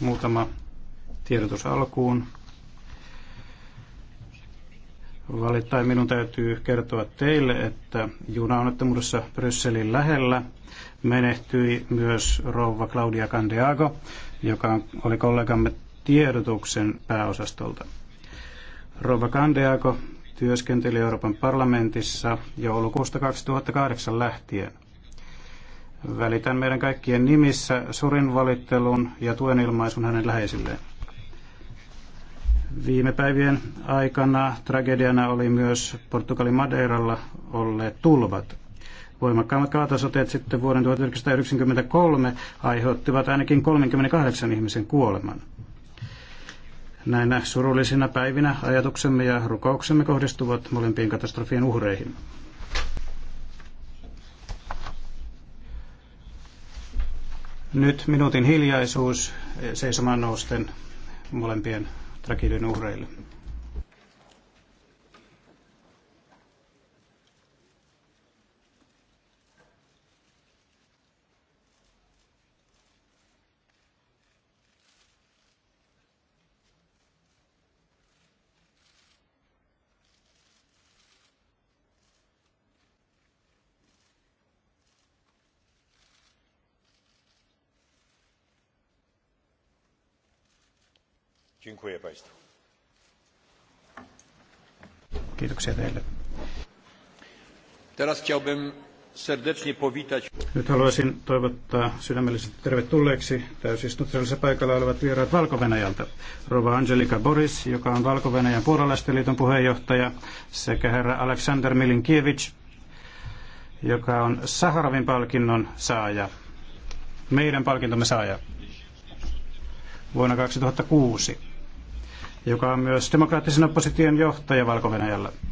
Muutama tiedotus alkuun. Valittain minun täytyy kertoa teille, että junaonnettomuudessa Brysselin lähellä menehtyi myös rouva Claudia Candiago, joka oli kollegamme tiedotuksen pääosastolta. Rouva Candiago työskenteli Euroopan parlamentissa joulukuusta 2008 lähtien. Välitän meidän kaikkien nimissä surin valittelun ja tuen ilmaisun hänen läheisilleen. Viime päivien aikana tragediana oli myös Portugalin Madeiralla olleet tulvat. Voimakkaammat kaatasoteet sitten vuoden 1993 aiheuttivat ainakin 38 ihmisen kuoleman. Näinä surullisina päivinä ajatuksemme ja rukouksemme kohdistuvat molempiin katastrofien uhreihin. Nyt minuutin hiljaisuus seisomaan nousten molempien tragedian uhreille. Dziękuję Państwu. Teraz chciałbym serdecznie powitać. Nyt haluaisin toivottaa sydämellisesti tervetulleeksi täysistuntosalissa paikalla olevat vieraat valko -Venäjältä. Rova Angelika Boris, joka on Valko-Venäjän puolalaisten liiton puheenjohtaja, sekä herra Aleksander Milinkiewicz, joka on Saharovin palkinnon saaja, meidän palkintomme saaja vuonna 2006 joka on myös demokraattisen opposition johtaja valko -Venäjällä.